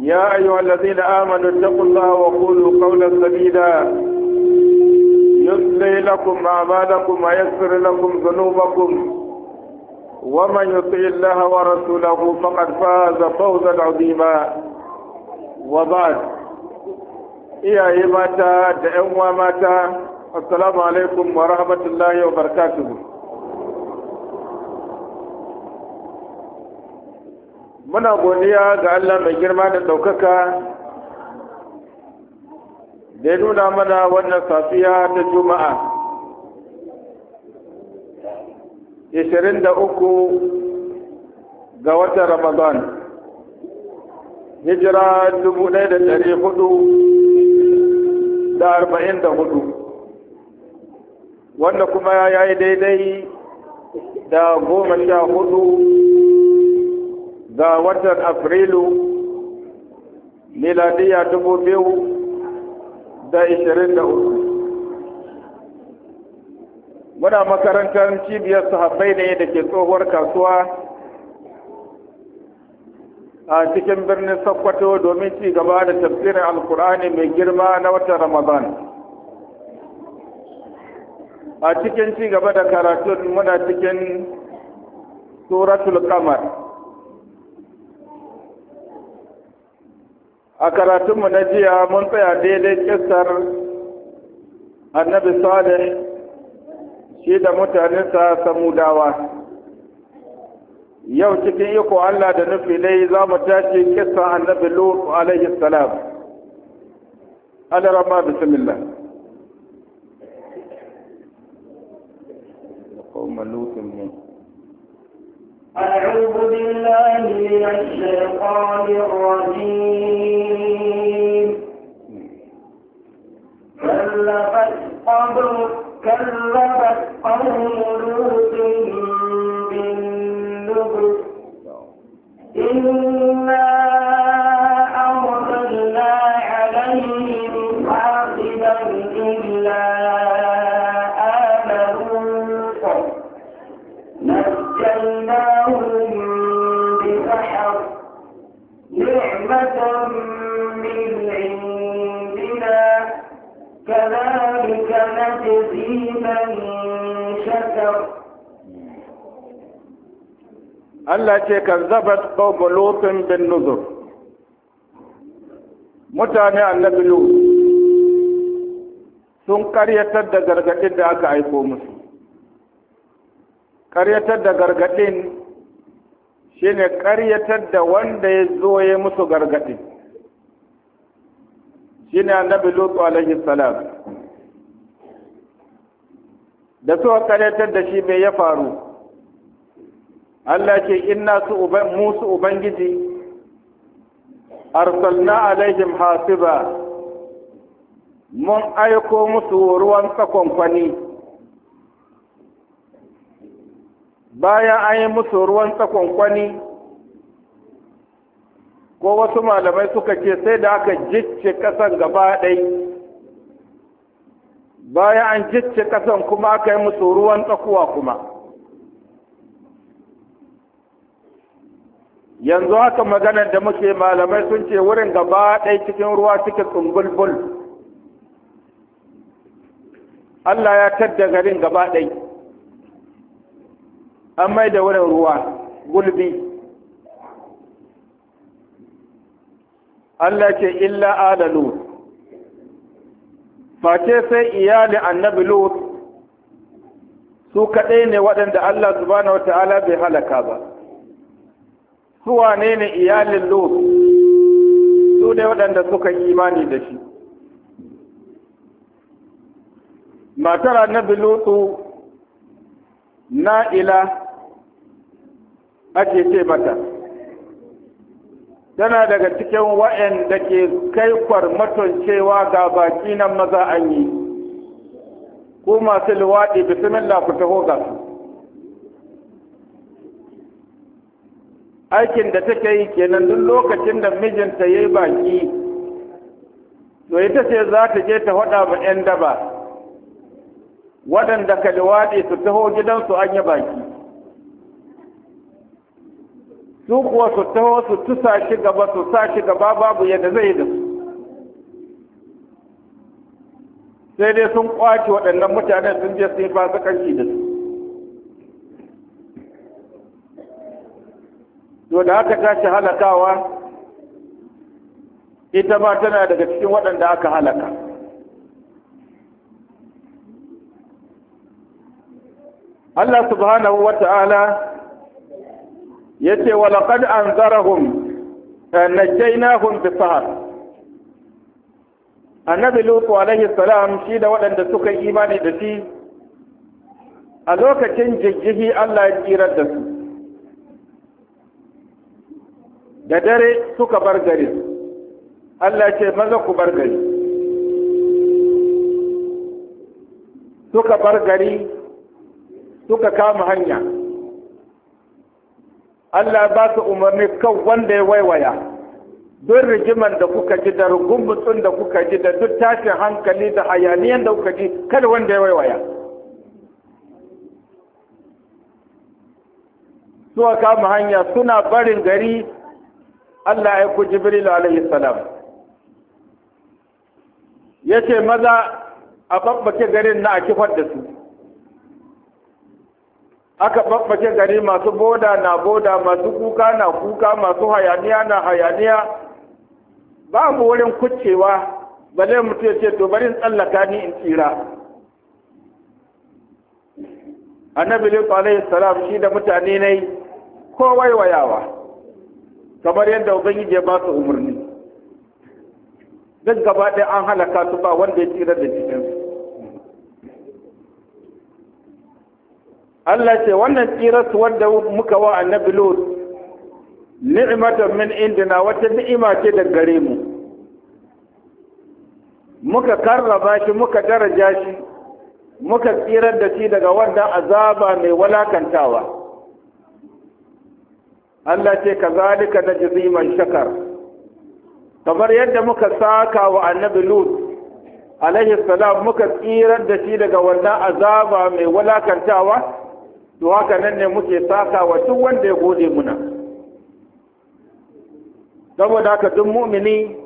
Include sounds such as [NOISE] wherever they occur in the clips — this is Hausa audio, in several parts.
يا أيها الذين آمنوا اتقوا الله وقولوا قولا سديدا يصلي لكم أعمالكم ويغفر لكم ذنوبكم ومن يطع الله ورسوله فقد فاز فوزا عظيما وبعد يا إيه ماتا دعوا ماتا السلام عليكم ورحمة الله وبركاته muna godiya ga Allah mai girma da ɗaukaka da nuna mana wannan safiya ta juma'a 23 ga watan ramadan hijira 1444 wanda kuma ya yi daidai da goma sha hudu ga watan afrilu miladiya dubu biyu da ishirin da uku muna makarantar cibiyar sahabbai ne da ke tsohuwar kasuwa a cikin birnin Sokoto domin ci gaba da tafsirin Alkur'ani mai girma na watan Ramadan. A cikin ci gaba da karatun muna cikin Suratul kamar a karatunmu na jiya mun tsaya daidai kisar annabi salih shi da mutanensa samudawa yau cikin iko Allah da nufi dai za mu tashi kisa annabi lut alaihi salam alarama my Lord, come here. أعوذ بالله من الشيطان الرجيم كذبت قبل كذبت قوم لوط إنا نجزي من شكر Allah ce kan zabat ƙaunar lotin bin nuzur mutane a Nabilu sun karyatar da gargaɗin da aka aiko musu karyatar da gargaɗin shine karyatar da wanda ya zo ya musu gargaɗin shine annabi Lut alaihi salam da suka karyatar da shi me ya faru Allah ce inna su mu su ubangiji arsalna alaihim hasiba mun aiko musu ruwan tsakonkwani bayan an yi musu ruwan tsakonkwani ko wasu malamai suka ce sai da aka jicce kasan gaba ɗaya baya an jicce kasan kuma aka yi musu ruwan tsakuwa kuma yanzu haka maganar da muke malamai sun ce wurin gaba ɗaya cikin ruwa suke tsumbulbul Allah ya tadda garin gaba ɗaya an mai da wurin ruwa gulbi Allah ce illa alalu face sai iyali annabi lut su kaɗai ne waɗanda Allah subhanahu wa ta'ala bai halaka ba su wane ne iyalin lut su ne waɗanda suka yi imani da shi matar annabi lutu na'ila ake ce mata tana daga cikin wa'anda ke kai kwarmaton cewa ga baki nan maza an yi ko masu luwaɗi bisimin ku taho su aikin da take yi kenan duk lokacin da mijinta ya yi baki to ita ce za ta je ta faɗa ma 'yan daba waɗanda ka luwaɗi su taho gidansu an yi baki su kuwa su taho su sa shi gaba su sa shi gaba babu yadda zai da su sai dai sun kwace waɗannan mutanen sun je sun yi fasikanci da su to da aka tashi halakawa ita ma tana daga cikin waɗanda aka halaka Allah subhanahu wa ta'ala yace wa laqad anzarahum eh, najaynahum bi sahar annabi lutu alaihi salam shi da waɗanda suka yi imani da shi a lokacin jijjihi Allah ya tsirar da su da dare suka bar gari Allah ce maza ku bar gari suka bar gari suka kama hanya Allah ba su umarni kan wanda ya waiwaya duk rigiman da kuka ji da rugumutsun da kuka ji da duk tashin hankali da hayaniyan da kuka ji kada wanda ya waiwaya suwa kama hanya suna barin gari Allah ya ku Jibril alaihi salam ce maza a babbake garin na a kifar da su aka babbace gari masu boda na boda masu kuka na kuka masu hayaniya na hayaniya babu wurin kucewa balle mutu ya ce to bari tsallaka ni in tsira annabi lutu alaihi salam shi da mutane ne ko waiwayawa kamar yadda ubangiji ya ba su umarni duk gaba ɗaya an halaka su ba wanda ya tsira da jikin Allah ce wannan tsiras wadda muka wa annabi Lut ni'matan min indina wata ni'ima ce da gare mu muka karraba shi muka daraja shi muka tsirar da shi daga wannan azaba mai walakantawa Allah ce ka zalika najzi jiziman shakar kamar yadda muka saka wa annabi Lut alaihi salam muka tsirar da shi daga wannan azaba mai walakantawa to haka nan ne muke saka wa duk wanda ya gode muna saboda haka duk mumini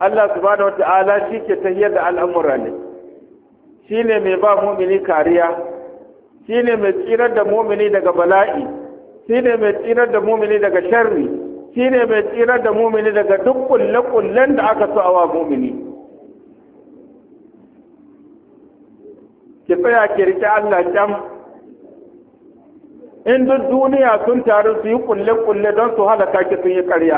Allah subhanahu wata'ala shi ke tahiyar da al'amura ne shi ne mai ba mumini kariya shi ne mai tsirar da mumini daga bala'i shi ne mai tsirar da mumini daga sharri shi ne mai tsirar da mumini daga duk kulle-kullen da aka so awa mumini ki tsaya ki rike Allah can in duk duniya sun taru su yi kulle-kulle don su halaka ki sun yi ƙarya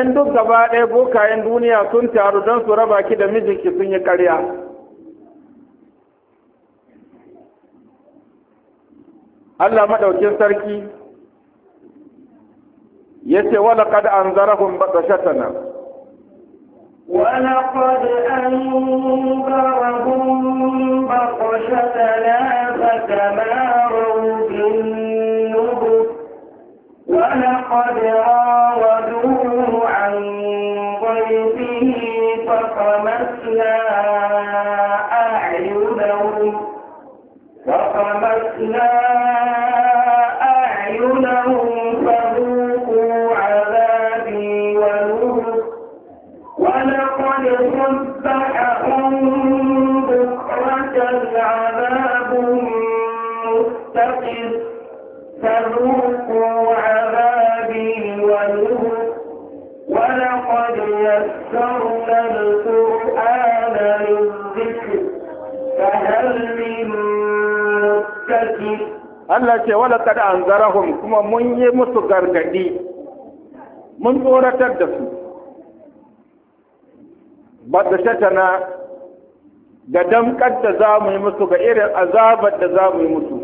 in duk gaba ɗaya bokayen duniya sun taru don su raba ki da mijinki sun yi ƙarya Allah maɗaukin sarki ya ce wala kada an hun baɗa shatana ولقد أنذرهم بطشتنا فتماروا بالنبر ولقد راودوه عن ضيفه فطمسنا Allah ce wala kada an zarahum kuma mun yi musu gargadi mun tsoratar da su ba da shatana ga damkar da za mu yi musu ga irin azabar da za mu yi musu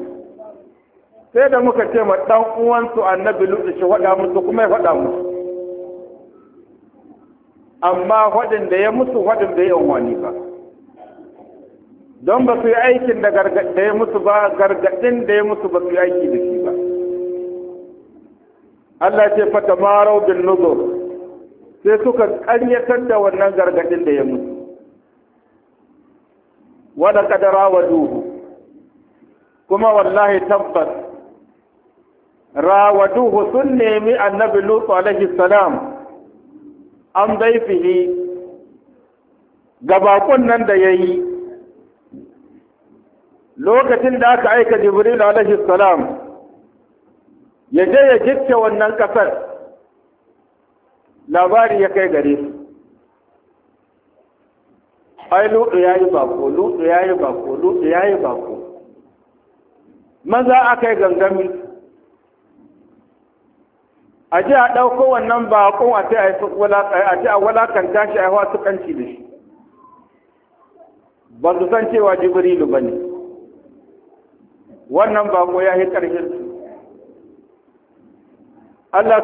sai da muka ce ma dan uwansu annabi lutsu shi faɗa musu kuma ya faɗa musu amma faɗin da ya musu faɗin da ya wani ba don ba su yi aikin da ya musu ba gargaɗin da ya musu ba su yi aiki da shi ba Allah ce fata marau bin nuzur sai suka ƙaryatar da wannan gargaɗin da ya musu wada kadara wa duhu kuma wallahi tabbas rawaduhu sun nemi annabi lutu alaihi salam an zaifihi ga bakon nan da ya yi lokacin da aka aika jibril alaihi salam ya je ya gicce wannan kasar labari ya kai gare su ai lutu ya yi bako lutu ya yi bako lutu ya yi bako maza aka yi gangami a ji a ɗauko wannan bakon a ce a walakanta shi a yi wasu kanci da shi ba su san cewa jibrilu ba ne wannan ba ko ya yi ƙarfin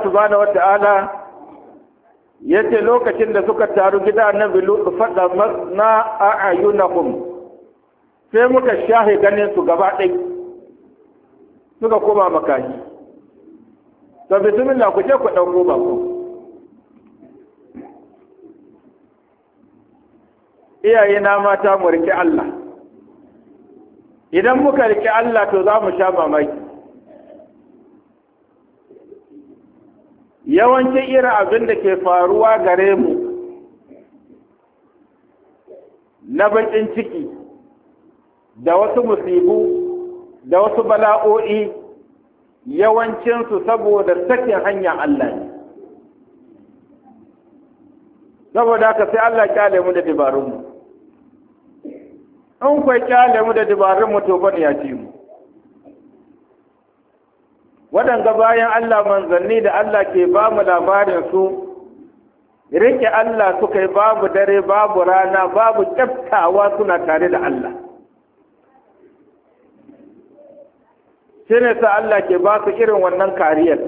su Allah wata ala ya ce lokacin da suka taru gida na bilu faɗa na a ayyunahum sai muka shahe ganin su gaba ɗai suka koma makashi to bismillah ku kuje ku ɗauko ba iyaye na mata mu rike Allah idan muka riƙe Allah to za mu sha mamaki yawancin irin abin da ke faruwa gare mu na baƙin ciki da wasu musibu da wasu bala'o'i yawancinsu saboda sakin hanya Allah ne saboda haka sai Allah ya mu da dabarunmu in kwai kyale mu da dabarun mu to bane ya ci mu waɗanga bayan Allah manzanni da Allah ke ba mu labarin su rike Allah suka yi babu dare babu rana babu kyaftawa suna tare da Allah shi sa Allah ke ba su irin wannan kariyar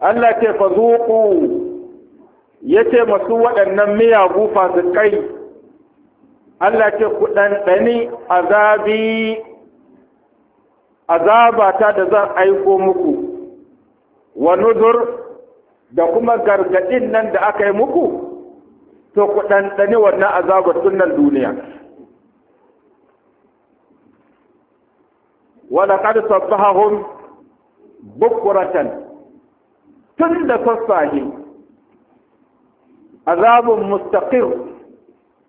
Allah ke fazuku ya ce masu waɗannan miyagu kai. Allah ce ku ɗanɗani azabi azabata da zan aiko muku wa nuzur da kuma gargaɗin nan da aka yi muku to ku ɗanɗani wannan azabar nan duniya walaƙar sabbahahun bukuratan tun da sassahe azabun mustaqir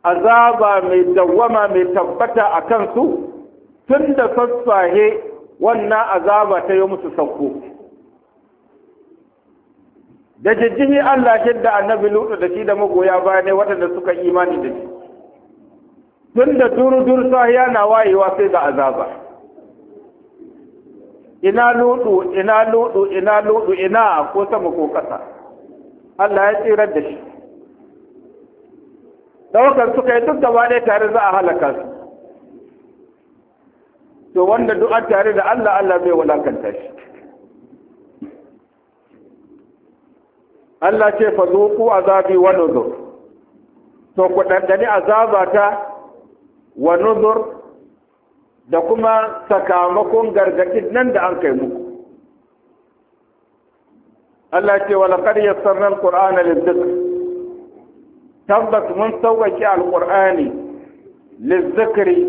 azaba mai dawwama mai tabbata a kansu tun da sassahe wannan azaba ta yi musu sauko da jijjihi Allah da annabi lutu da shi da magoya baya ne waɗanda suka imani da shi tun da duru duru sahiya na wayewa sai ga azaba ina lutu ina lutu ina lutu ina ko sama ko ƙasa Allah ya tsirar da shi Daukar suka yi duk gaba ɗaya tare za a halaka su to wanda du'a tare da Allah Allah bai walakanta shi Allah ce fa zuku azabi wa nuzur to ku dandani azabata wa nuzur da kuma sakamakon gargadin nan da an kai muku Allah ce wa laqad yassarna al-qur'ana lidh-dhikr tabbas mun sauƙaƙe alƙur'ani lizzikri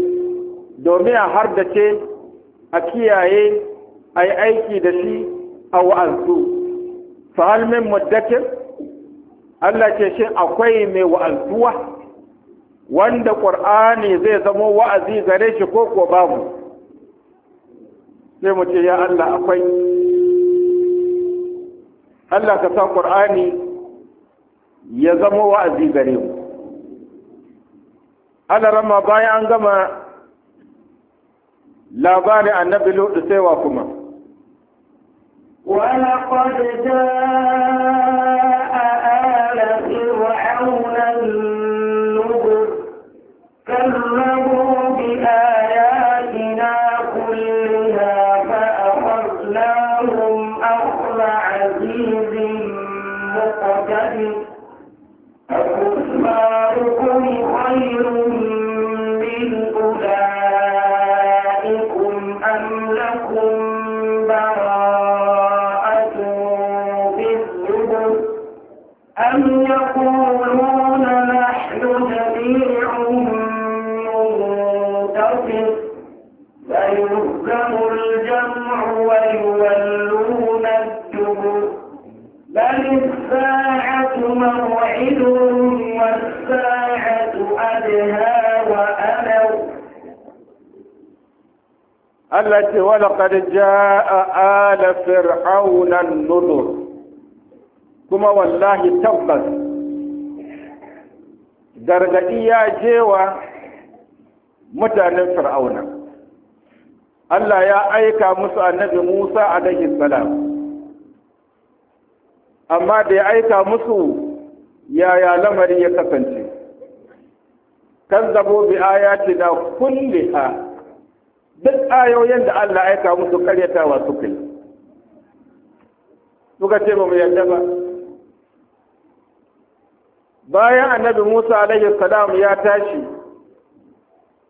domin a hardace a kiyaye a yi aiki da shi a wa'azu hal min muddatin Allah ce shin akwai mai wa'azuwa wanda ƙur'ani zai zamo wa'azi gare shi ko ko babu sai mu ce ya Allah akwai Allah ka sa ƙur'ani ya zama wa'azi gare mu alarama bayan an gama labarin annabi lodi wa kuma ولقد جاء Allah ce wala qad a ala fir'aunan nuzur kuma wallahi tabbas gargadi ya jewa mutanen fir'auna Allah ya aika musu annabi Musa a alaihi salam amma da ya aika musu yaya lamarin ya kasance kan zabo bi na kulliha duk ayoyin da Allah ya aika musu karyatawa suka yi suka ce ba mu yarda ba bayan annabi Musa alaihi salam ya tashi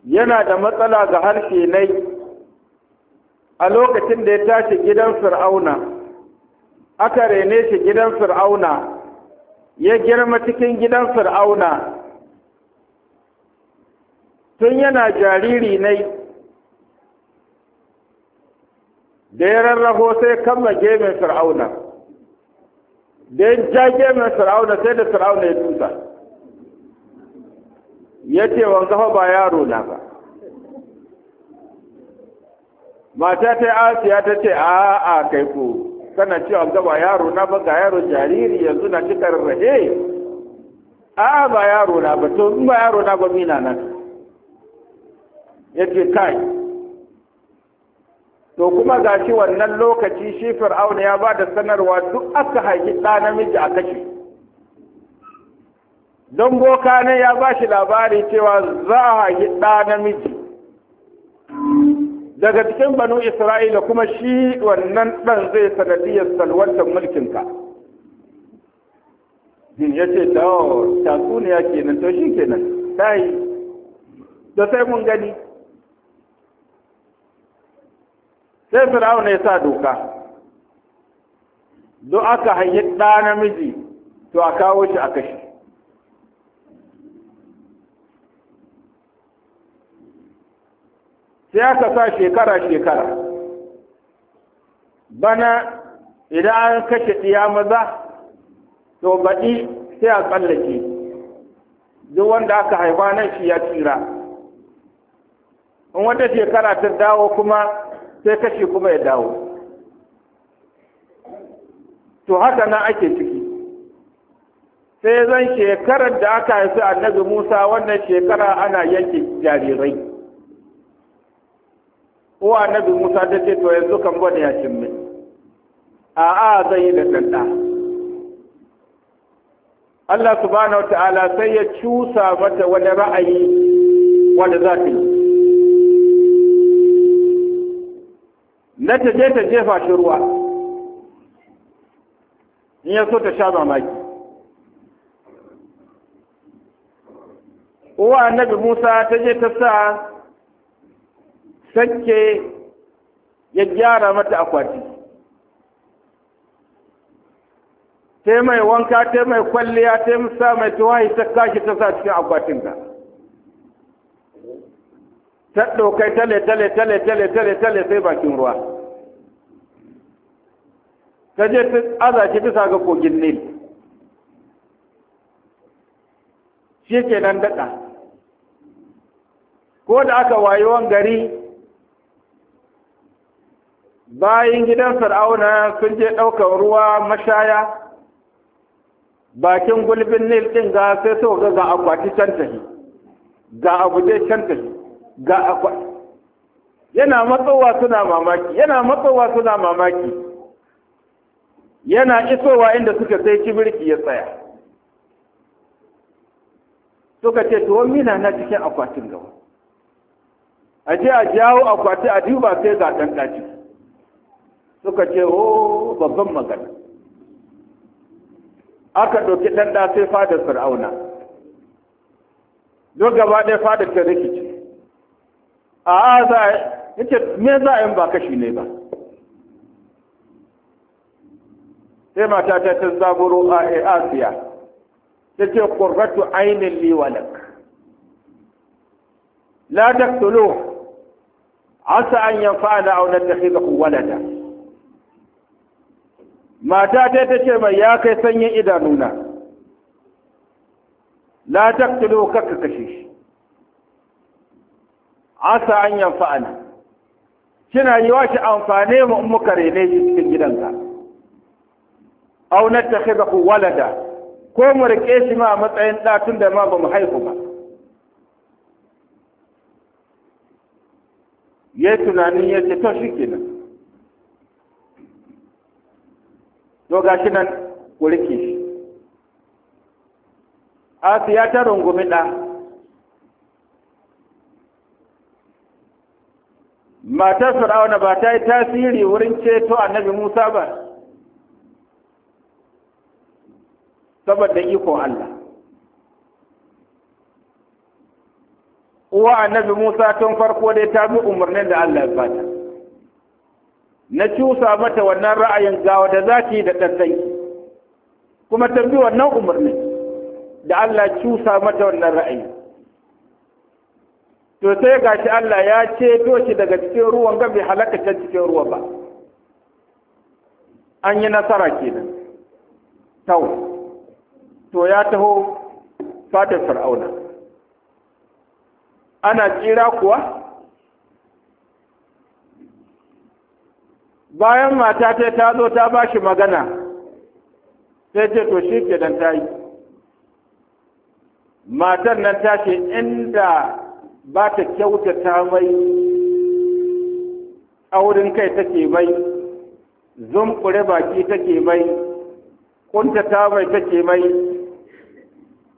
yana da matsala ga harshe nai a lokacin da ya tashi gidan fir'auna aka rene shi gidan fir'auna ya girma cikin gidan fir'auna tun yana jariri nai da ya rarraho sai kama gemen fir'auna da ya ja gemen fir'auna sai da fir'auna ya tusa ya ce wanga ba yaro na ba mata ta asiya ta ce a a kai ko kana cewa ga ba yaro na ba ga yaro jariri yanzu na cikar rahe a ba yaro na ba to in ba yaro na ba mina na yace kai to kuma ga shi wannan lokaci shi fir'auna ya ba da sanarwa duk aka haifi ɗa namiji a kashe don boka ne ya ba shi labari cewa za a haifi ɗa namiji daga cikin banu isra'ila kuma shi wannan ɗan zai sanadiyar salwantar mulkinka ya ce ta tatsuniya kenan to shi kenan ta yi da sai mun gani sai firawun ya sa doka don aka haihi ɗa namiji to a kawo shi a kashi sai aka sa shekara-shekara bana idan an kashe ɗiya maza to baɗi sai a tsallake duk wanda aka haifa nan shi ya tsira in wata shekara ta dawo kuma sai kashi kuma ya dawo to haka nan ake ciki sai zan shekarar da aka haifi annabi musa wannan shekara ana yanke jarirai ko annabi musa ta ce to yanzu kan gwada ya cimmi a'a zai yi da ɗanɗa Allah subhanahu wa ta'ala sai ya cusa mata wani ra'ayi wanda za ta yi na ta je ta jefa shi ruwa in ya so ta sha mamaki uwa annabi musa ta je ta sa sanke ya gyara mata akwati ta mai wanka ta mai kwalliya ta sa mai tuwa ta kashi ta sa cikin akwatin ka. ta ɗaukai tale tale tale tale tale sai bakin ruwa ta je ta aza shi bisa ga kogin nil shi ke nan daɗa ko da aka wayewan gari bayan gidan fir'auna sun je ɗaukar ruwa mashaya bakin gulbin nil ɗin ga sai so ga ga akwati can tahi ga abu dai can tahi ga akwa yana matsowa suna mamaki yana matsowa suna mamaki yana isowa inda suka sai kibirki ya tsaya suka ce to mina na cikin akwatin gaba a je a jawo akwati a duba sai ga dan ɗaci suka ce o oh, babban magana aka ɗauki ɗanɗa sai fadar fir'auna Don gaba ɗaya fadar ta rikici a za a ce me za a yi ba kashi ne ba sai mata ta ta zaburo a asiya ta ce qurratu ainihin liwalak walak la taqtuluhu asa an yanfa'ana aw nattakhidahu walada mata ta ta ce mai ya kai sanyin idanuna la taqtulu kaka kashe shi asa an yanfa'ana kina yi wa shi amfane mu in muka rene shi cikin gidanka aw nattakhidahu walada ko mu rike shi ma a matsayin da tun da ma bamu haihu ba ya tunanin ya ce to shi kenan to gashi nan ku rike shi Asiya ta rungumi ɗa matar fir'auna ba ta yi tasiri wurin ceto annabi musa ba saboda ikon allah uwa annabi musa tun farko dai ta bi umarnin da allah ya bata na cusa mata wannan ra'ayin gawa da za yi da ɗanɗanki kuma ta bi wannan umarnin da allah cusa mata wannan ra'ayin to sai gashi Allah ya ceto shi daga cikin ruwan ga bai halaka can cikin ruwa ba an yi nasara kenan tau to ya taho fadar fir'auna ana tsira kuwa bayan mata ta ta zo ta ba shi magana sai ce to shi ke dan ta yi matan nan ta ce inda ba ta kyautata mai auren kai take mai zunkure baki take mai kuntata mai take mai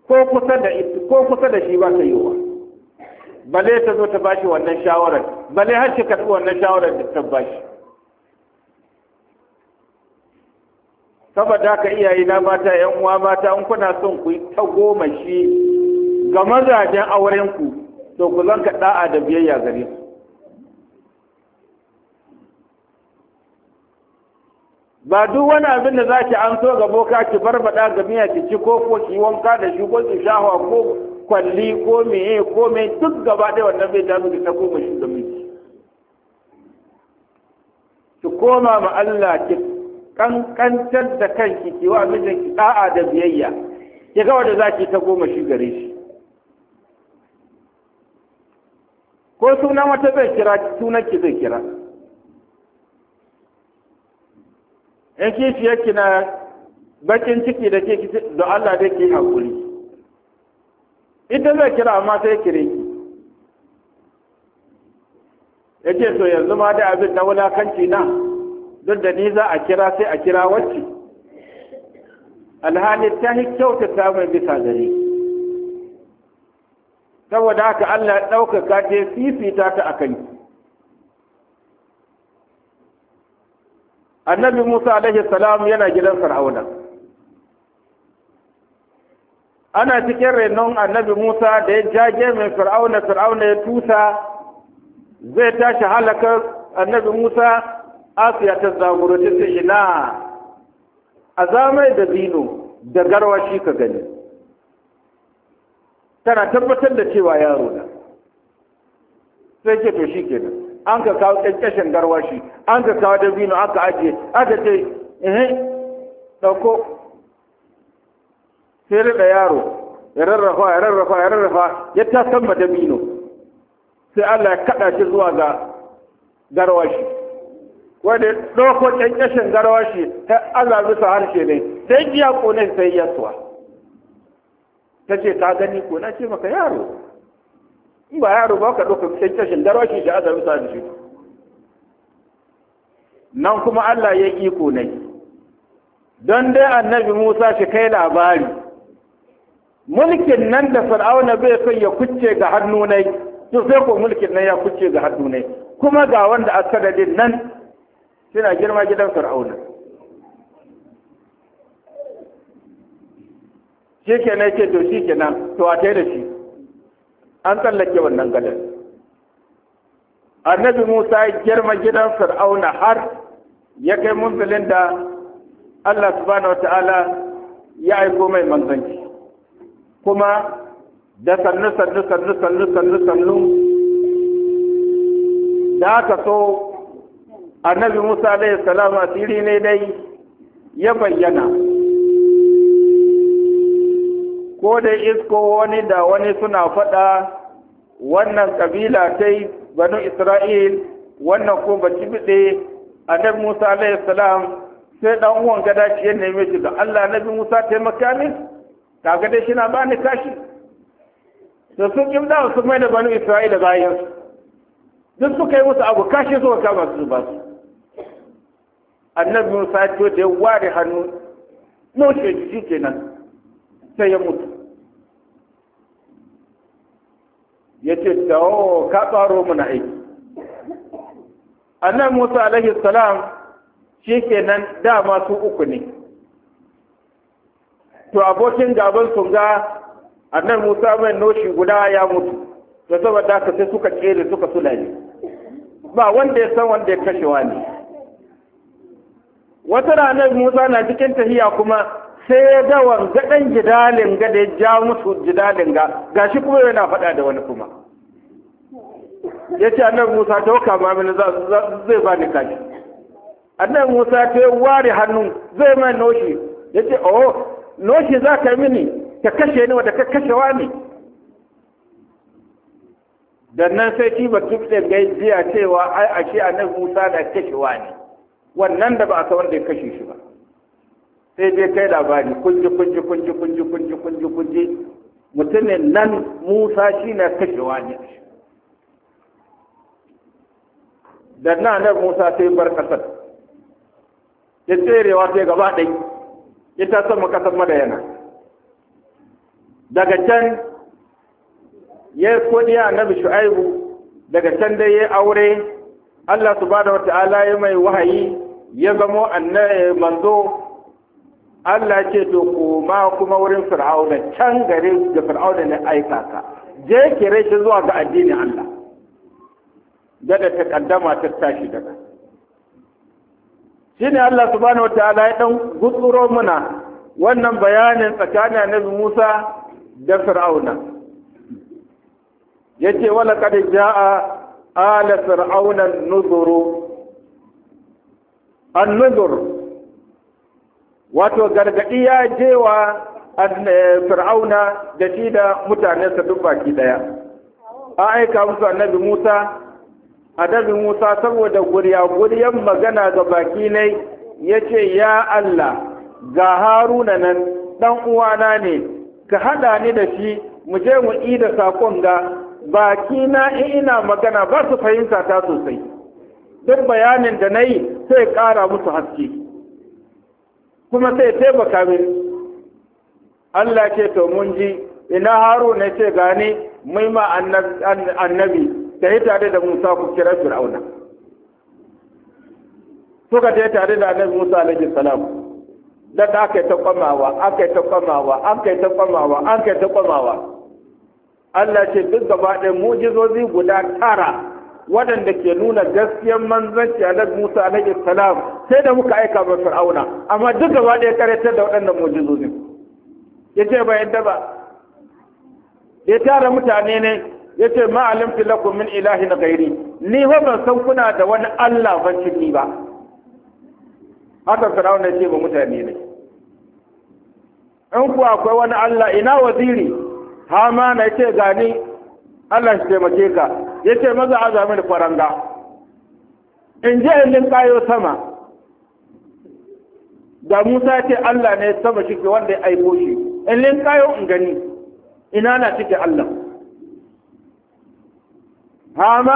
ko kusa da ko kusa da shi ba ta yi wa bale ta zo ta bashi wannan shawarar bale har shi karɓi wannan shawarar da ta bashi saboda ka iyaye na mata yan uwa mata in kuna son ku ta goma shi ga mazajen aurenku to ku zanka da'a da biyayya gare su ba duk wani abin da zaki an so ga boka ki barbaɗa ga miya ki ci ko ko ki wanka da shi ko ki shahwa ko kwalli ko meye ko me duk gaba ɗaya wannan bai dami ki ta koma shi da miki ki koma ma Allah ki kankantar da kanki ki wa mijin ki da'a da biyayya ki ga wanda zaki ta koma shi gare shi ko suna wata zai kira sunan ki zai kira in ki kishiyarki na bakin ciki da ke da Allah da ke hakuri. ita zai kira amma sai kire ki ya so yanzu ma da abin na wulakanci na duk da ni za a kira sai a kira wacce alhali ta kyautata samun bisa gare ki saboda haka Allah ya ɗaukaka ta fifita ta a kai annabi Musa alaihi salam yana gidan Fir'auna ana cikin renon annabi Musa da ya jage mai Fir'auna Fir'auna ya tusa zai tashi halakar annabi Musa Asiya ta zaguro ta ina a zamai da zino da garwashi ka gani tana tabbatar da cewa yaro na sai ke to shi kenan an ka kawo ƙyanƙyashin garwashi an ka kawo dabino aka ajiye aka ce ehe ɗauko sai rika yaro ya rarrafa ya rarrafa ya rarrafa ya ta samba dabino sai Allah ya kaɗa shi zuwa ga garwashi wanda ya ɗauko ƙyanƙyashin garwashi ta azabi harshe ne sai ya ƙone sai ya suwa ta ce ka gani ko na ce maka yaro in ba yaro ba ka ɗauka tashin darwashi da aka rusa da shi nan kuma Allah ya iko nai don dai annabi Musa shi kai labari mulkin nan da fir'auna bai kai ya kucce ga hannu to sai ko mulkin nan ya kucce ga hannu kuma ga wanda aka nan suna girma gidan fir'auna shi na ce to shi na, to a tai da shi an tsallake wannan gadar annabi musa ya girma gidan fir'auna har ya kai munzalin da allah subhanahu wataala ya aiko mai manzanci kuma da sannu sannu sannu sannu sannu sannu da aka so annabi musa alaihi salam asiri ne dai ya bayyana ko dai isko wani da wani suna faɗa wannan kabila sai banu isra'il wannan ko ba ci biɗe annabi musa alayhi salam sai dan uwan gada shi ya neme shi da allah annabi musa taimaka min kaga dai shi na ba ni kashi da sun kim da su mai da banu isra'ila bayan duk suka yi musu abu kashi suka kama su ba su annabi musa ya ce da ya ware hannu no shi kenan sai ya mutu ya ce tawo ka tsaro mana aiki annabi musa alaihi salam shi kenan dama su uku ne to abokin gaban sun ga annabi musa mai noshi guda ya mutu to saboda haka sai suka kere suka sulale ba wanda ya san wanda ya kashe wani wata ranar musa na cikin tahiya kuma sai ya ga ɗan jidalin ga da ya ja musu jidalin ga gashi kuma yana faɗa da wani kuma ya ce annan musa ta wuka mamini zai ba ni kashi annan musa ta ware hannu zai mai noshi ya ce oh noshi za ka mini ka kashe ni wadda ka kashewa ne da nan sai kiba ɗin biya cewa ai ashe annan musa da kashewa ne wannan da ba a kawar da ya kashe shi ba sai dai kai labari kunji kunji kunji kunji kunji kunji kunji mutumin nan musa shi na kashewa ne da na nan musa sai bar kasar ya tserewa sai gaba ɗai ya ta sama kasar madayana daga can ya kodi annabi shu'aibu daga can dai ya aure Allah subhanahu wata'ala ya mai wahayi ya zamo annabi manzo Allah ya ce to koma kuma wurin fir'auna can gare da fir'auna ne aika ka je kire shi zuwa ga addinin Allah da ta kaddama ta tashi daga shine Allah subhanahu wataala ya dan gutsuro muna wannan bayanin tsakanin annabi Musa da fir'auna yace wala kad jaa ala fir'auna nuzuru an-nuzur wato gargadi ya je wa eh, fir'auna da shi da mutanensa duk baki ɗaya. a aika musu annabi musa annabi musa saboda gurya-guryan magana ga baki ne ya ce ya allah ga haruna nan dan uwana ne ka haɗa ni da shi mu je mu da sakon ga baki na in ina magana ba su fahimta ta sosai duk bayanin da na yi sai ƙara musu haske kuma sai taimaka min Allah ce to mun ji ina haruna ce gani mai ma annabi ta yi tare da musa ku kira fir'auna suka ta yi tare da annabi musa alaihi salam da aka kai ta kwamawa aka ta kwamawa aka ta kwamawa aka ta kwamawa Allah ce duk gaba ɗaya mujizozi guda tara waɗanda ke nuna gaskiyar manzanci annabi Musa alaihi salam sai da muka aika ba Fir'auna amma duk gaba ɗaya karatar da waɗannan Ya yace ba yadda ba ya tara mutane ne yace ma ma'alim lakum min na gairi. ni ho ban san kuna da wani Allah ban ciki ba haka Fir'auna ya ce ba mutane ne in ku akwai wani Allah ina waziri na yace gani Allah shi taimake ka ya ce maza a zami da faranga in je in kayo sama da Musa ce Allah ne sama shi wanda ya aiko shi in kayo in gani ina na cike Allah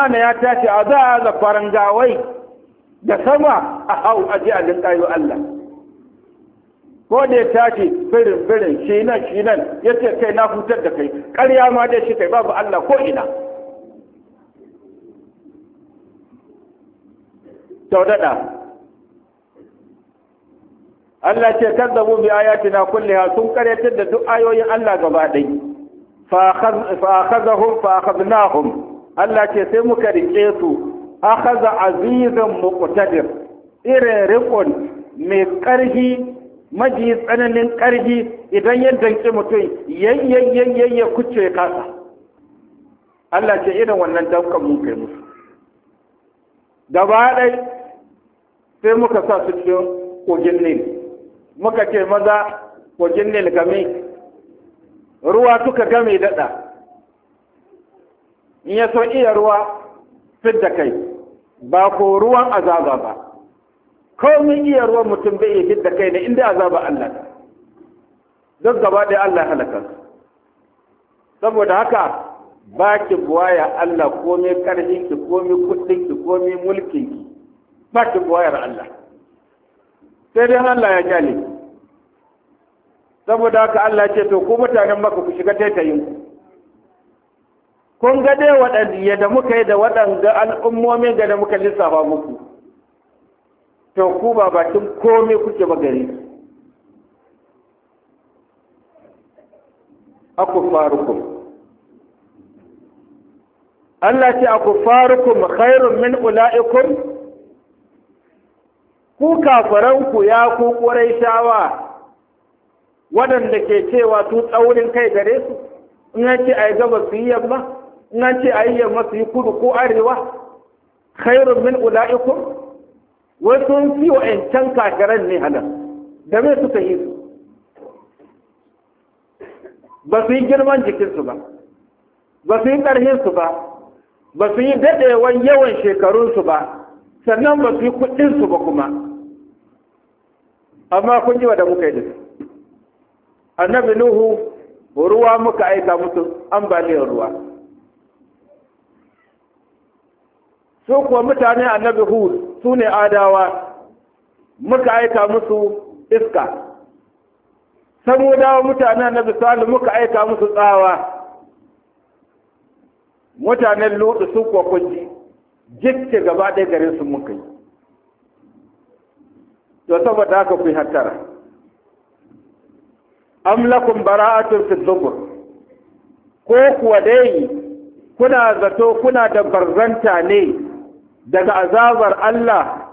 na ya tashi a za a ga farangawai da sama a hau aje a kayo Allah ko da ya tashi birin birin shi nan shi nan ya ce kai na hutar da kai ƙarya ma dai shi kai babu Allah ko ina taudada Allah ce kazzabu bi ayatina ha sun karyatar da duk ayoyin Allah gaba ɗai fa fa'akazunahun fa Allah ce sai muka rike su akhaza azizan muqtadir irin rikon mai ƙarfi maji tsananin ƙarfi idan ya danki mutum yayyayyayyayya kuce kasa Allah ce irin wannan daukan mun kai musu ba ɗai sai muka sa su cikin kogin nil muka ce maza kogin nil game ruwa suka game daɗa in ya iya ruwa da kai ba ko ruwan azaba ba komin iya ruwan mutum bai iya da kai ne inda azaba Allah don gaba da Allah halaka saboda haka ba ki buwaya Allah komai karfin ki komai kudin ki komai mulkin ki ba ki buwayar Allah sai dai Allah ya kyale saboda haka Allah ce to ku mutanen maka ku shiga taitayin ku kun ga dai waɗanda da muka yi da waɗanda al'ummomin ga da muka lissafa muku to ku ba bakin komai kuke ba gari farukum Allah ce farukum khairun min ula'ikum ku kafaranku ya ku shawa waɗanda ke cewa su tsaurin kai gare su in an ce a yi gaba su yi yamma in an ce a yi yamma su yi kudu ko arewa khairun min ula'ikum wai sun fi can kakiran ne hana da me suka yi su ba su yi girman jikinsu ba ba su yi ƙarhinsu ba ba su yi daɗewan yawan shekarunsu ba sannan ba su yi kuɗinsu ba kuma amma kun ji da muka yi dasu su annabi nuhu ruwa muka aika musu ambaliyar ruwa su kuwa mutane annabi hud su ne adawa muka aika musu iska samudawa mutane annabi salu muka aika musu tsawa mutanen lutsu su kuwa kunji jikce gaba ɗaya garin su muka yi to saboda haka ku yi hattara amlakun bara'atun fi zubur ko kuwa dai kuna zato kuna da barzanta ne daga azabar Allah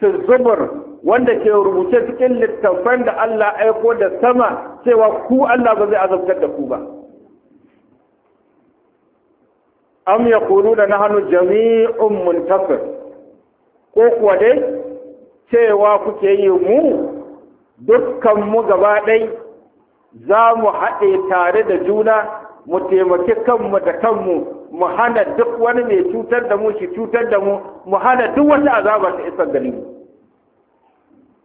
su zubar wanda ke rubuce cikin littattafan da Allah aiko da sama cewa ku Allah ba zai azabtar da ku ba am ya kuru hannu nahnu jami'un muntasir ko kuwa dai cewa kuke yi mu dukkanmu gaba ɗai za mu haɗe tare da juna mu taimaki kanmu da kanmu mu hana duk wani mai cutar da mu shi cutar da mu mu hana duk wani azaba ta isa gari mu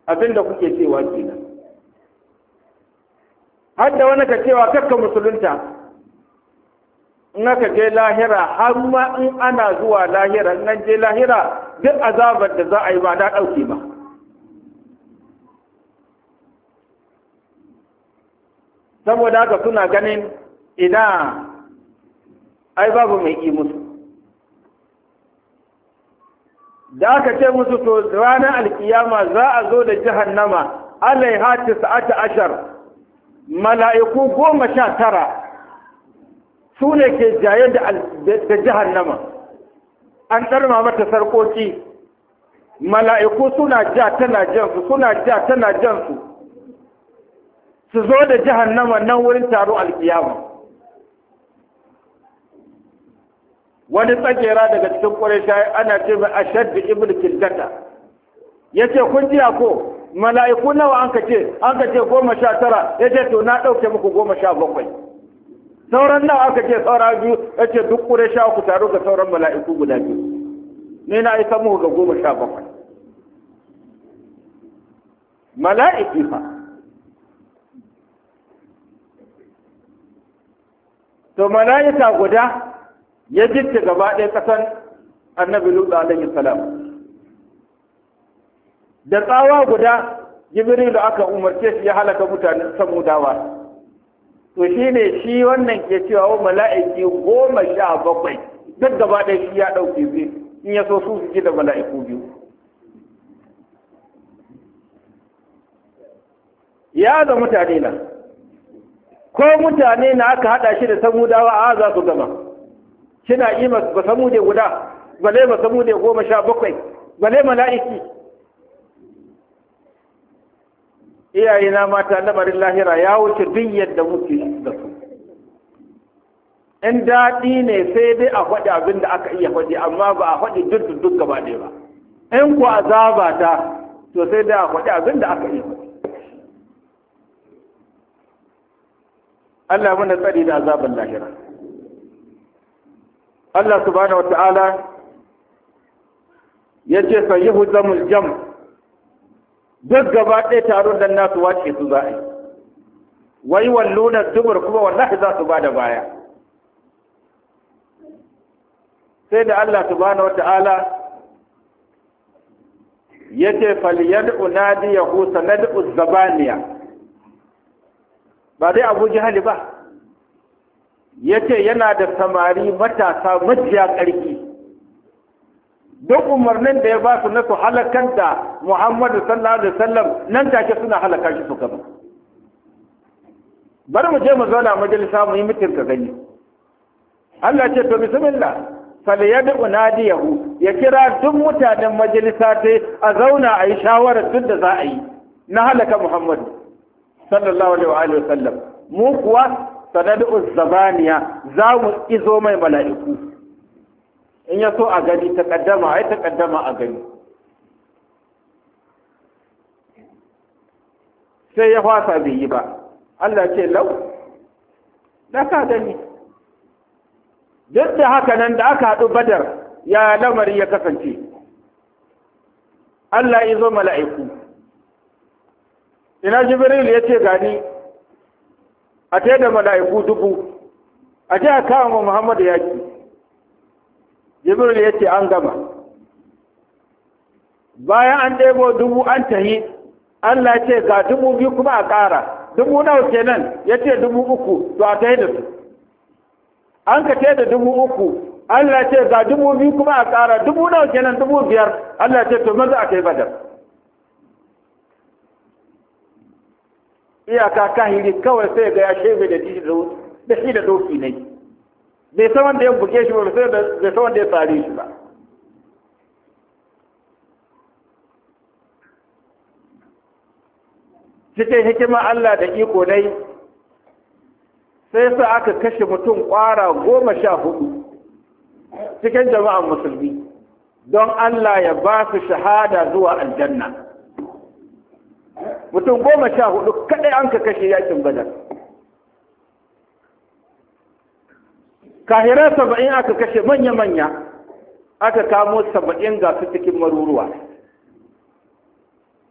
abin da kuke cewa kenan har da wani ka cewa kakka musulunta in aka je lahira har ma in ana zuwa lahira in je lahira duk azabar da za a yi ba na ɗauke ba saboda haka suna ganin ina ai babu mai yi musu da aka ce musu to ranar alkiyama za a zo da jahannama alaiha tis'ata ashar mala'iku goma sha tara su ne ke jaye da jahannama an ɗarma mata sarƙoƙi mala'iku suna ja tana jansu suna ja tana jansu su zo da jahannama nan wurin taro alkiyama wani tsagera daga cikin ƙwarai ana ce mai ashad ibn kildata ya ce kun jiya ko mala'iku nawa an ka ce an ka ce goma sha tara ya ce to na ɗauke muku goma sha bakwai sauran nawa aka ce saura biyu ya ce duk ƙwarai sha ku taru ga sauran mala'iku guda biyu ni na isa muku ga goma sha bakwai mala'iki fa to mala'ika guda ya jitta gaba ɗaya ƙasar annabi lutsu alayhi salam da tsawa guda jibrilu aka umarce shi ya halaka mutanen samudawa to ne shi wannan ke cewa wa mala'iki goma sha bakwai duk gaba ɗaya shi ya ɗauke su in ya so su su ji da mala'iku biyu ya ga mutane na ko mutane na aka haɗa shi da samudawa a za su gama kina yi ba samu da guda gwale ba samu da goma sha bakwai gwale mala'iki iyayena mata lamarin lahira ya wuce duk yadda muke da su in daɗi ne sai dai a faɗi abin da aka iya faɗi amma ba a faɗi duk duk gaba ɗaya ba in ku azaba ta to sai dai a faɗi abin da aka iya faɗi Allah muna tsari da azaban lahira Allah subhanahu ta’ala ya ce sayi yi huzamul jam duk gaba ɗaya taron da nasu wace su za a yi wai walluna dubur kuma wallahi za su ba da baya sai da Allah subhanahu ta’ala ya ce falyad'u nadiyahu sanad'u zabaniya ba dai abu jihali ba yace yana da samari matasa majiya ƙarfi duk umarnin da ya ba su na su halakar da Muhammadu sallallahu alaihi wasallam nan take suna halaka shi su gaba bari mu je mu zauna majalisa mu yi mutum ka gani Allah ce to bismillah yad'u nadiyahu ya kira duk mutanen majalisa sai a zauna a yi shawarar duk da za a yi na halaka Muhammadu sallallahu alaihi wa sallam mu kuwa sanad'u zabaniya za mu izo mai mala'iku in ya so a gani takaddama ai takaddama a gani sai ya fasa bai yi ba Allah ce lau da ka gani duk da haka nan da aka haɗu badar ya lamari ya kasance Allah izo mala'iku ina jibril ya ce gani a ta da mala'iku dubu a ta a wa muhammadu yaki jibril ya ce an gama bayan an ɗebo dubu an tahi allah ce ga dubu biyu kuma a ƙara dubu nawa kenan ya ce dubu uku to a yi da su an ka da dubu uku allah ce ga dubu biyu kuma a ƙara dubu nawa kenan dubu biyar allah ce to maza a yi badar iyaka kahiri kawai sai ga ya shebe da dishi da shi da doki ne bai san wanda ya buge shi ba bai san wanda ya tsare shi ba cikin hikima Allah da iko dai sai sa aka kashe mutum kwara goma sha hudu cikin jama'ar musulmi don Allah ya ba su shahada zuwa aljanna mutum goma sha hudu kadai an ka kashe yakin badar kahira saba'in aka kashe manya-manya aka kamo saba'in ga su cikin maruruwa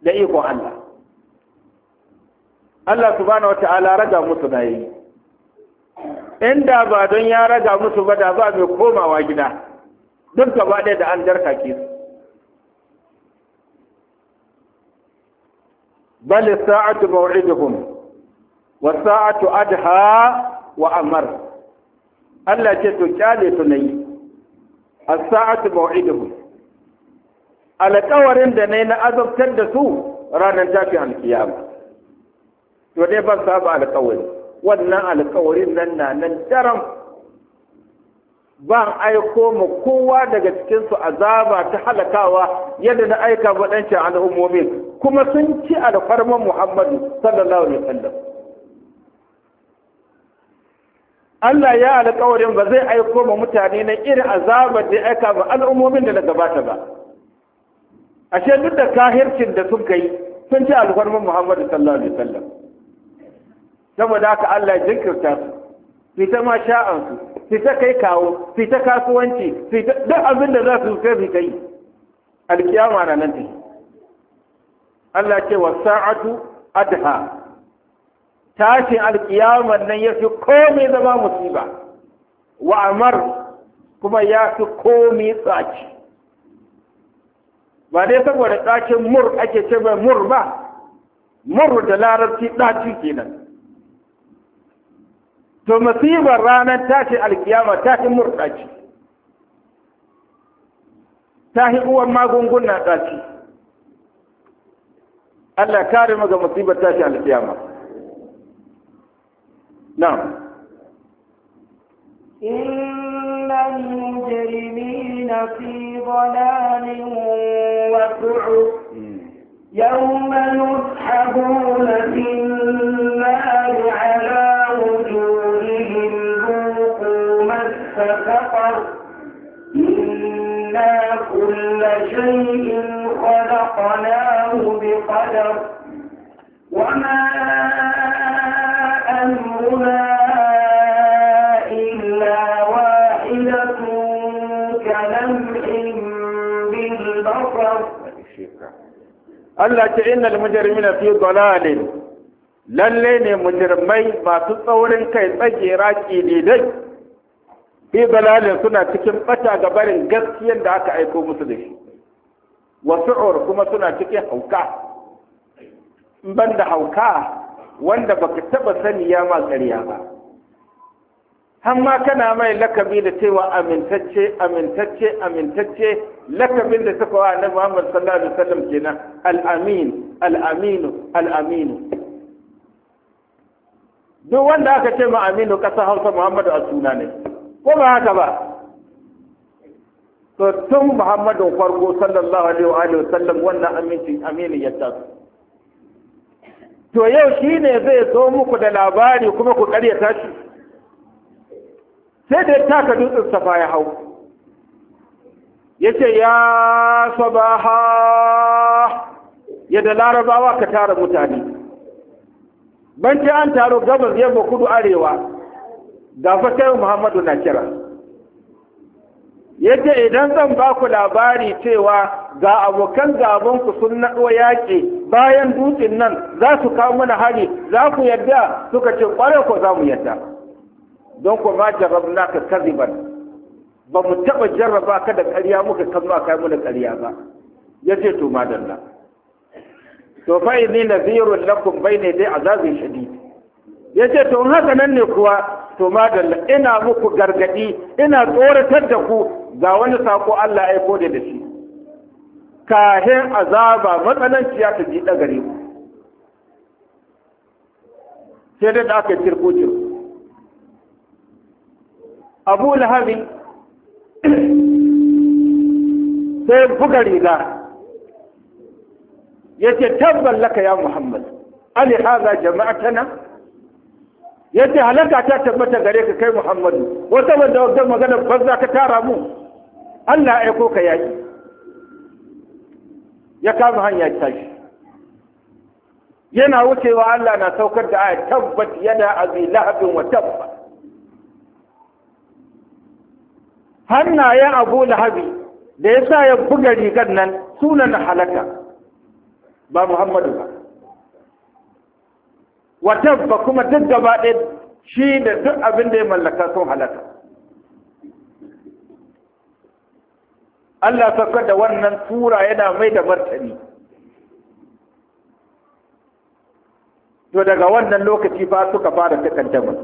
da ikon Allah Allah subhanahu wata'ala raga musu na yi inda ba don ya raga musu ba da ba mai komawa gida duk gaba ɗaya da an jarka ke su bal sa'atu maw'iduhum wa sa'atu adha wa amar Allah ce to kyale su nayi as-sa'atu maw'iduhum alƙawarin da nayi na azabtar da su ranar tafi alkiyama to dai ban saba alƙawari wannan alƙawarin nan na nan daram ban aiko mu kowa daga cikinsu azaba ta halakawa yadda na aika waɗancan al'ummomin kuma sun ci alfarman muhammadu sallallahu alaihi wasallam Allah ya alƙawarin ba zai aiko ma mutane na irin azabar da ya aika ma al'ummomin da na gabata ba ashe duk da kahircin da sun kai sun ci alfarman muhammadu sallallahu alaihi wasallam saboda haka Allah ya jinkirta su fita ma sha'ansu fita kai kawo fita kasuwanci fita duk abin da za su kai su kai alkiyama na nan take Allah ce wa sa'atu adha tashin alkiyamar nan ya fi komai zama musiba wa amar kuma ya fi komai tsaki ba dai saboda tsakin mur ake ce mur ba mur da larabci ɗaci kenan to musibar ranar tashi alkiyama ta fi ce ta fi uwan magunguna ɗaci Allah kare mu ga musibar tashi alkiyama na'am إن المجرمين في ضلال وسعر يوم يسحبون في النار إنا كل شيء خلقناه بقدر وما أمرنا إلا واحدة كلمح بالبصر التي إن المجرمين في ضلال لن لين المجرمين ما تصورين كيف تجي راكي لديك fi dalalin suna cikin bata ga barin gaskiyar da aka aiko musu da shi wa su'ur kuma suna cikin hauka banda ban da hauka wanda baka taba sani ya ma ƙarya ba hamma kana mai lakabi da cewa amintacce amintacce amintacce lakabin da suka wa annabi Muhammad sallallahu alaihi wasallam kenan al-amin al-aminu al-aminu duk wanda aka ce ma aminu kasa Hausa Muhammadu a suna ne ko ba haka ba to tun muhammadu farko sallallahu alaihi wa sallam wannan aminci amini ya taso to yau shine zai zo muku da labari kuma ku karyata shi sai da taka dutsen safa ya hau yace ya sabaha yadda larabawa ka tara mutane ban an taro gabas yamma kudu arewa ga fatan Muhammadu na kira Yake idan zan ba ku labari cewa ga abokan gabanku sun naɗo yaƙi bayan dutsen nan za su kawo mana hari za ku yadda suka ce ƙware ko za mu yadda don ku ma jarrabna ka kaziban ba mu taɓa jarraba ka da ƙarya muka kallo a kai mu da ƙarya ba ya ce to madalla to na inni nadhirun lakum ne dai azabin shadid ya ce to haka nan ne kuwa to madalla ina muku gargadi ina tsoratar da ku ga wani sako Allah ya aiko da shi kahin azaba matsananciya ta ji gare ku sai dai da aka cirko cirko abu lahabi [CLEARS THROAT] sai buga riga ya ce tabbar ya muhammad ali haza jama'atana yace halaka ta tabbata gare ka kai Muhammadu wata wanda wajen magana banza ka tara mu Allah ya aiko ka yaki ya kama hanya ta shi yana wucewa Allah na saukar da aya tabbat yana azi lahabin wa tabba ya abu lahabi da yasa ya buga rigar nan sunan halaka ba Muhammadu ba wata ba kuma duk gaba ɗaya shi da duk abin da ya mallaka sun halaka Allah saukar da wannan tura yana mai da martani to daga wannan lokaci ba suka fara takaddama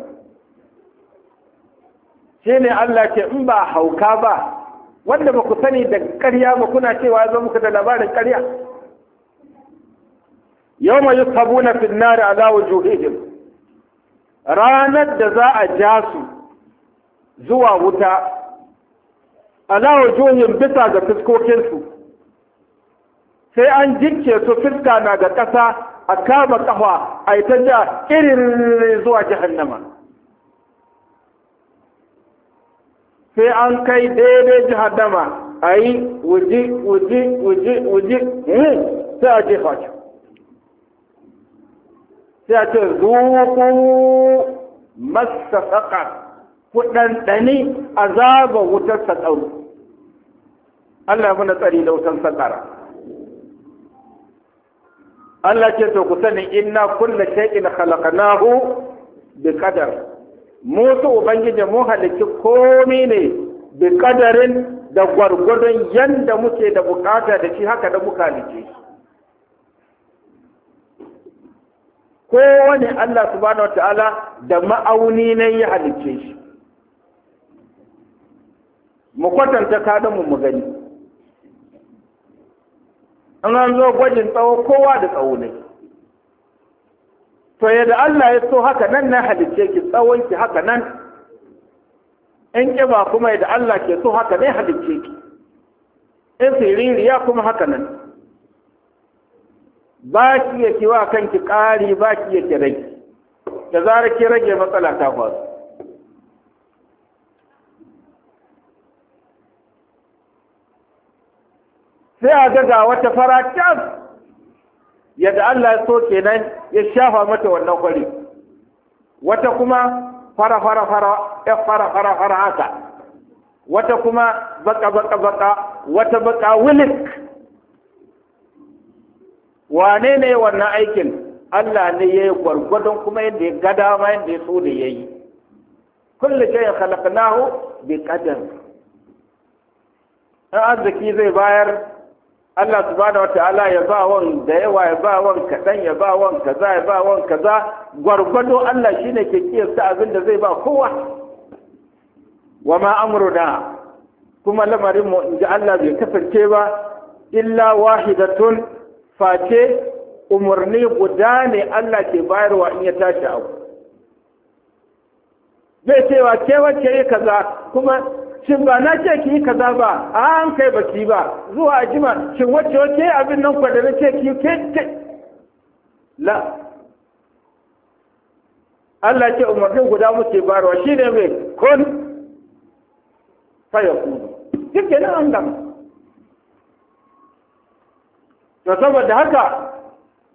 shi ne Allah ce in ba hauka ba wanda ba ku sani da ƙarya ba kuna cewa zo muku da labarin ƙarya يوم يصابون في النار على وجوههم رانا جزاء جاسو زوا وتا على وجوههم بتا ذا فسكو كنسو سي ان جنكي سو فسكا نا ذا كسا اكاما قهوة اي تجا ارل زوا جهنما sai an kai daidai jihar dama a yi wuji wuji wuji wuji sai sai a ce zuku masa tsakar ku ɗanɗani azaba wutar saƙaru Allah muna tsari da wutar saƙara Allah ce to ku sani inna kulla shay'in khalaqnahu bi qadar mu su ubangiji mu halicci komai ne bi qadarin da gwargwadon yanda muke da bukata da shi haka da muka halicce shi kowane Allah subhanahu ta’ala da ma'auni na ya halicce shi mu kwatanta kada mu gani an an zo gwajin tsawo kowa da tsawo ne to yadda Allah ya so haka nan na halicce ki tsawon ki haka nan in kiba kuma yadda Allah ke so haka ne halicce ki in siririya kuma haka nan ba ki ya kiwa kanki ƙari ba ki iya ki rage da zarar ki rage matsala ta faru sai a gaga wata fara tas yadda Allah ya so kenan ya shafa mata wannan kwari wata kuma fara fara fara ya fara fara fara haka wata kuma baka baka baka wata baka wulik wane ne wannan aikin Allah ne ya yi gwargwadon kuma yadda ya gada dama yadda ya so da ya yi kullum shay'in khalaqnahu bi kadar Ɗan arziki zai bayar Allah da wata ala, ya ba wan da yawa ya ba wan kaɗan ya ba wan kaza ya ba wan kaza gwargwado Allah shi ne ke kiyasta abin da zai ba kowa wa ma da kuma lamarin mu ji Allah bai kasance ba illa wahidatun face umarni guda ne Allah ke bayarwa in ya tashi abu zai cewa ke wacce yi kaza kuma shin ba na ce ki yi kaza ba a an kai baki ba zuwa a jima shin wacce wacce yi abin nan kwa da na ce ki yi ke ke, la Allah ce umarnin guda muke bayarwa ne mai kun fayakunu duk kenan an gama Da saboda haka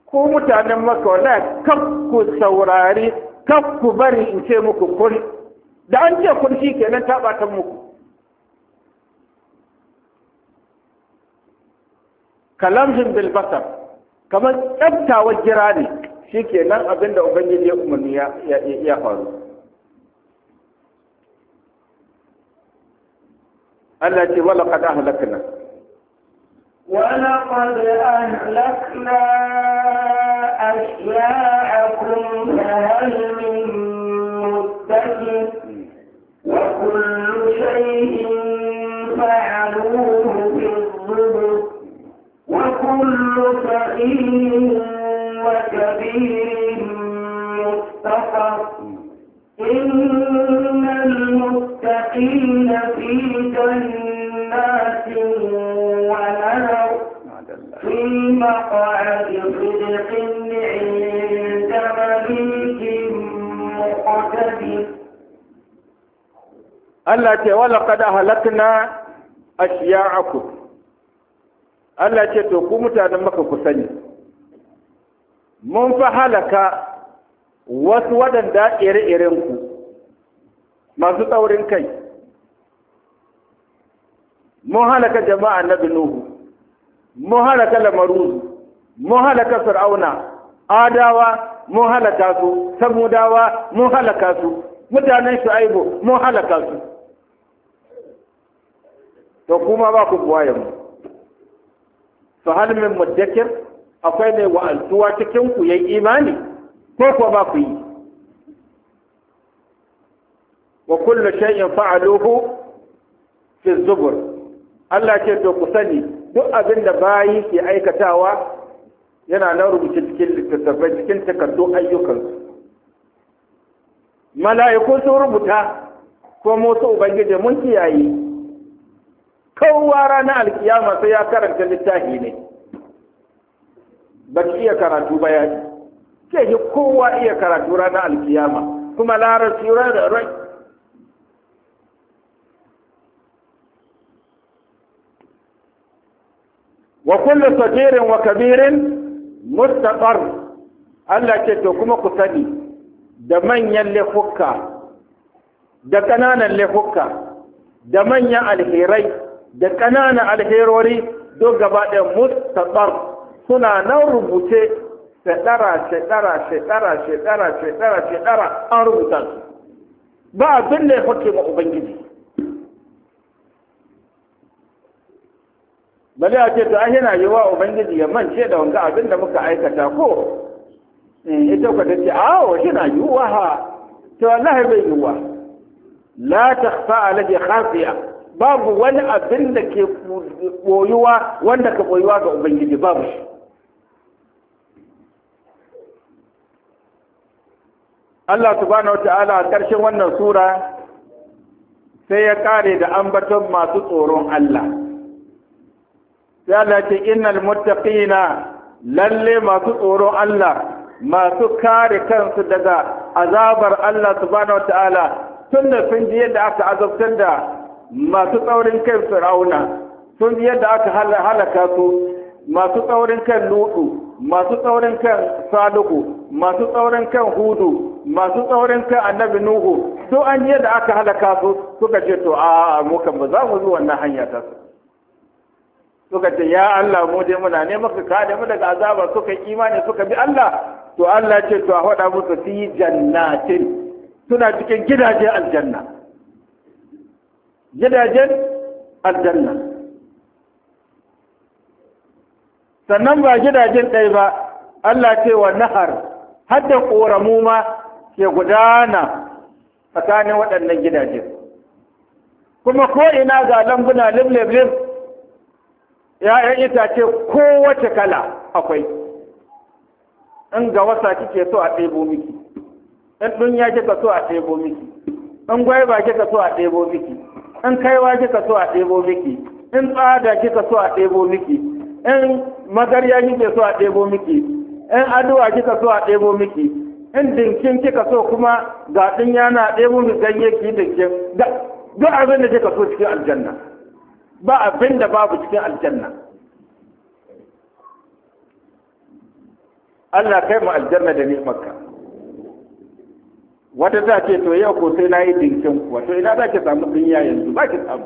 ko mutanen maka wallahi kaf ku saurari kaf ku bari in ce muku kun da an ce kun shi kenan nan muku kalamhin bil kamar tsabtawar jira ne shi kenan abinda ubangiji ya umarni ya faru Allah ce wala kada halakna ولقد أهلكنا أشياءكم فهل من مدكر وكل شيء فعلوه في الظبر وكل صغير وكبير مستقر إن المتقين في جنات Allah ce wala kada halakna ashiya'aku Allah ce to ku mutanen maka ku sani mun fa halaka wasu waɗanda ire-iren ku masu tsaurin kai mun halaka jama'a na binuhu mun halaka lamaru mun halaka fir'auna adawa mun halaka su samudawa mun su mutanen shu'aibu mun halaka su to kuma ba ku buwaye mu fa hal min mudakkir akwai mai wa'altuwa cikin ku yayi imani ko ko ba ku yi wa kullu shay'in fa'aluhu fi zubur Allah ce to ku sani duk abin da bayi ke aikatawa yana na rubuce cikin littattafai cikin takardun ayyukansu mala'iku sun rubuta ko motsa ubangiji mun kiyaye kowa ranar alkiyama sai ya karanta littafi ne ba iya karatu ba ya ce kowa iya karatu ranar alkiyama kuma rai. wa kullu sagirin wa kabirin mustaqar Allah ce to kuma ku sani da manyan laifuka da ƙananan laifuka da manyan alherai da ƙananan alherori duk gaba ɗaya mustaqar suna nan rubuce shaɗara shaɗara shaɗara shaɗara shaɗara shaɗara an rubuta su ba abin da ya hukke ma ubangiji bari a ce to ai yana yi wa ubangiji ya mance da wanga abin da muka aikata ko eh, ita ku ta ce awo yana yi wa ha to wallahi bai yi wa la takhfa alladhi khafiya babu wani abin da ke koyuwa wanda ka koyuwa ga ubangiji babu shi Allah subhanahu wata'ala a ƙarshen wannan sura sai ya kare da ambaton masu tsoron Allah sai Allah ce innal muttaqina lalle masu tsoron Allah masu kare kansu daga azabar Allah subhanahu wataala tun da sun ji yadda aka azabtar da masu tsaurin kan Fir'auna sun ji yadda aka halaka su masu tsaurin kan Lutu masu tsaurin kan Salihu masu tsaurin kan Hudu masu tsaurin kan Annabi Nuhu to an yadda aka halaka su suka ce to a mu kan ba za mu zo wannan hanya ta su suka ce ya Allah mu dai muna ne maka da mu daga azaba suka imani suka bi Allah to Allah ce to a faɗa musu fi jannatin suna cikin gidaje aljanna gidajen aljanna sannan ba gidajen ɗaya ba Allah ce wa nahar har da ƙoramu ma ke gudana tsakanin waɗannan gidajen kuma ko ina ga lambuna lim lim lim ‘ya'yan itace kowace kala akwai, in ga wasa kike so a ɗebo miki, in ɗunya kika so a ɗebo miki, in gwaiba kika so a ɗebo miki, in kaiwa kika so a ɗebo miki, in tsada kika so a ɗebo miki, in magarya kike so a ɗebo miki, in aduwa kika so a ɗebo miki, in dinkin kika so kuma ga ɗunya na ɗebo miki ganye ki dinkin, duk abin da kika so cikin aljanna. ba abin da babu cikin aljanna Allah kai mu aljanna da ni'imarka wata ta ce to yau ko sai na yi dinkin kuwa to ina za ki samu dunya yanzu ba ki samu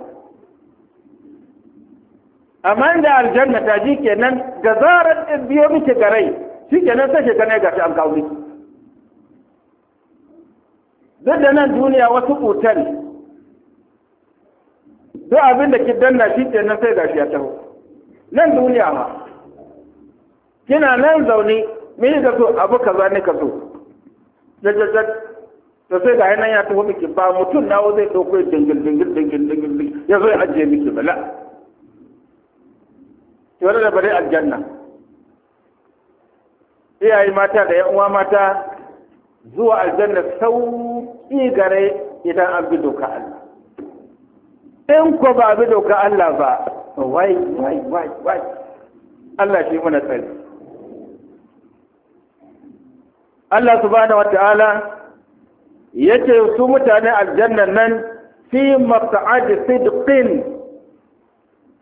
amma inda aljanna ta ji kenan ga zarar in biyo miki garai shi kenan sai ki ga shi an kawo miki duk da nan duniya wasu otal duk abin da ki danna shi nan sai gashi ya taho nan duniya ma kina nan zaune me ka so abu kaza ne ka so jajjajjaj to sai ga nan ya taho miki ba mutum nawo zai dauko dingil dingil dingil dingil ya zo ya ajiye miki bala to da bare aljanna iyaye mata da yan uwa mata zuwa aljanna sauƙi gare idan an bi doka Allah in ko ba bi doka Allah ba wai wai wai wai Allah shi muna tsari Allah subhanahu wata'ala yace su mutane aljanna nan fi maq'ad sidqin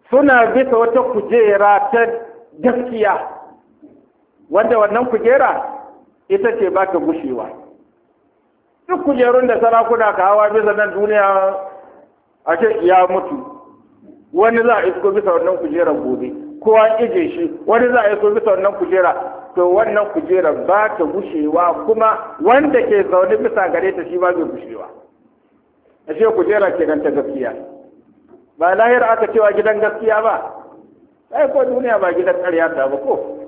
suna bisa wata kujera ta gaskiya wanda wannan kujera ita ce ba ta gushewa duk kujerun da sarakuna ka hawa bisa nan duniya ake ya mutu wani za a isko bisa wannan kujerar gobe kowa ije shi wani za a isko bisa wannan kujera to wannan kujera ba ta gushewa kuma wanda ke zaune bisa gare ta shi ba zai gushewa a kujera ke ta gaskiya ba lahira aka cewa gidan gaskiya ba ai ko duniya ba gidan ƙarya ta ba ko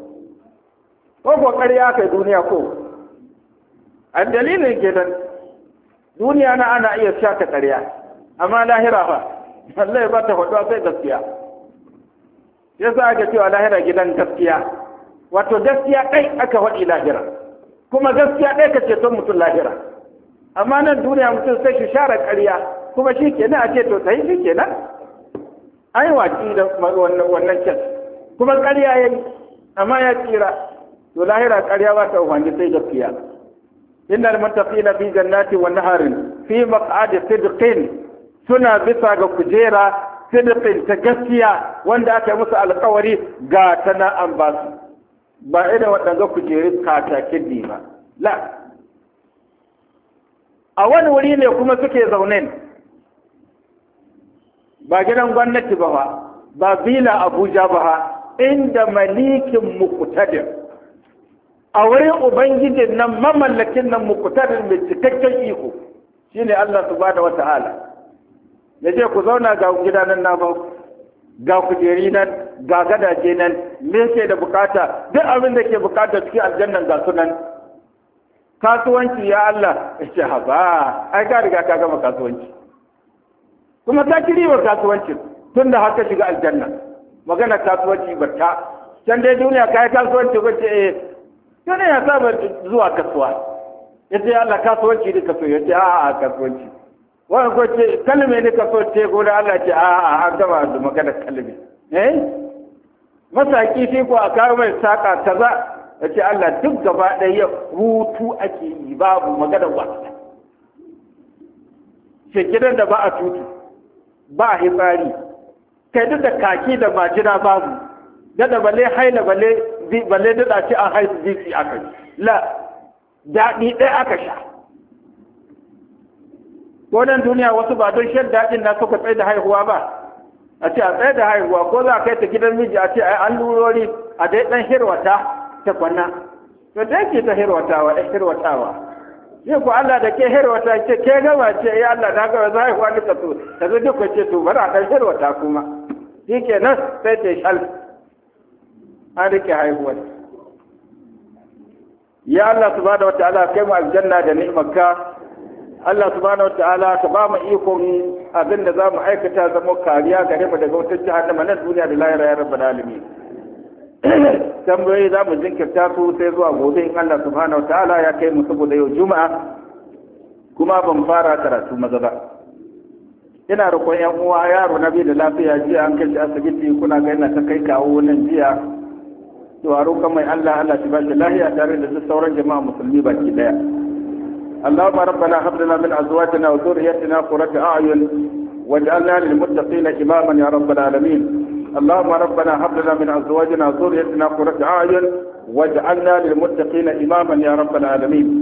ko ko ƙarya kai duniya ko a dalilin gidan duniya na ana iya sha ƙarya amma lahira fa Allah ya bata faɗuwa sai gaskiya ya sa aka cewa lahira gidan gaskiya wato gaskiya ɗai aka faɗi lahira kuma gaskiya ɗai ka ceton mutum lahira amma nan duniya mutum sai shi share ƙarya kuma shi kenan a to sai shi kenan ai waki da wannan kyan kuma ƙarya ya yi amma ya tsira to lahira ƙarya ba ta ubangi sai gaskiya innal muttaqina fi jannatin wa naharin fi maq'adi sidqin suna bisa ga kujera sidqin ta gaskiya wanda aka musu alkawari ga ta ba su ba irin waɗanda kujeru katakin ne ba la a wani wuri ne kuma suke zaune ba gidan gwamnati ba ba bila abuja ba ha, inda malikin mukutadir a wurin ubangijin nan mamallakin nan mukutadir mai cikakken iko Shi ne allah su subhanahu wa ta'ala ya ce ku zauna ga gidanan na ba ga kujeri nan ga gadaje nan me ke da bukata duk abin da ke bukata cikin aljannan ga nan. kasuwanci ya Allah ya ce haba ai ka riga ka gama kasuwanci kuma ta kiriwar kasuwanci tun da haka shiga aljanna magana kasuwanci ba ta can dai duniya ka yi kasuwanci ba ce eh ya saba zuwa kasuwa ya ce Allah kasuwanci duka so ya ce a'a kasuwanci wani ko ce kalme ne ka so ce ko da Allah ce a a an gama da magana kalme eh masaki sai ko a kawo mai saka kaza ya ce Allah duk gaba ɗaya hutu ake yi babu magana ba ce gidan da ba a tutu ba a hitsari kai duk da kaki da majina babu da bale haila bale bale da ce an haihu bisi aka la daɗi ɗaya aka sha ko nan duniya wasu ba don shan daɗin na suka tsaye da haihuwa ba a ce a tsaye da haihuwa ko za a kai ta gidan miji a ce a yi allurori a dai ɗan hirwata ta kwanna to dai ke ta hirwatawa ɗan hirwatawa zai ku Allah da ke hirwata ce ke gama ce ya eh, Allah na gaba za haihuwa duka to ta zo duka ce to bari a ɗan hirwata kuma shi kenan sai ta shal an rike haihuwar ya Allah subhanahu wa ta'ala kai mu aljanna da ni'marka Allah subhanahu wataala ka ba mu ikon abin da za mu aikata zama kariya ga mu daga wutar jahannama nan duniya da lahira ya rabbal alamin [CLEARS THROAT] tambayoyi za mu jinkirta su sai zuwa gobe in Allah subhanahu wataala ya kai mu saboda yau juma'a kuma ban fara karatu maza ba ina roƙon yan uwa yaro na biyu da lafiya jiya an kai shi asibiti kuna ga yana ta kai kawo nan jiya to a mai Allah Allah shi ba shi lahiya tare da sauran jama'a musulmi baki daya اللهم ربنا هب لنا من أزواجنا وذريتنا قرة أعين واجعلنا للمتقين إماما يا رب العالمين اللهم ربنا هب لنا من أزواجنا وذريتنا قرة أعين واجعلنا للمتقين إماما يا رب العالمين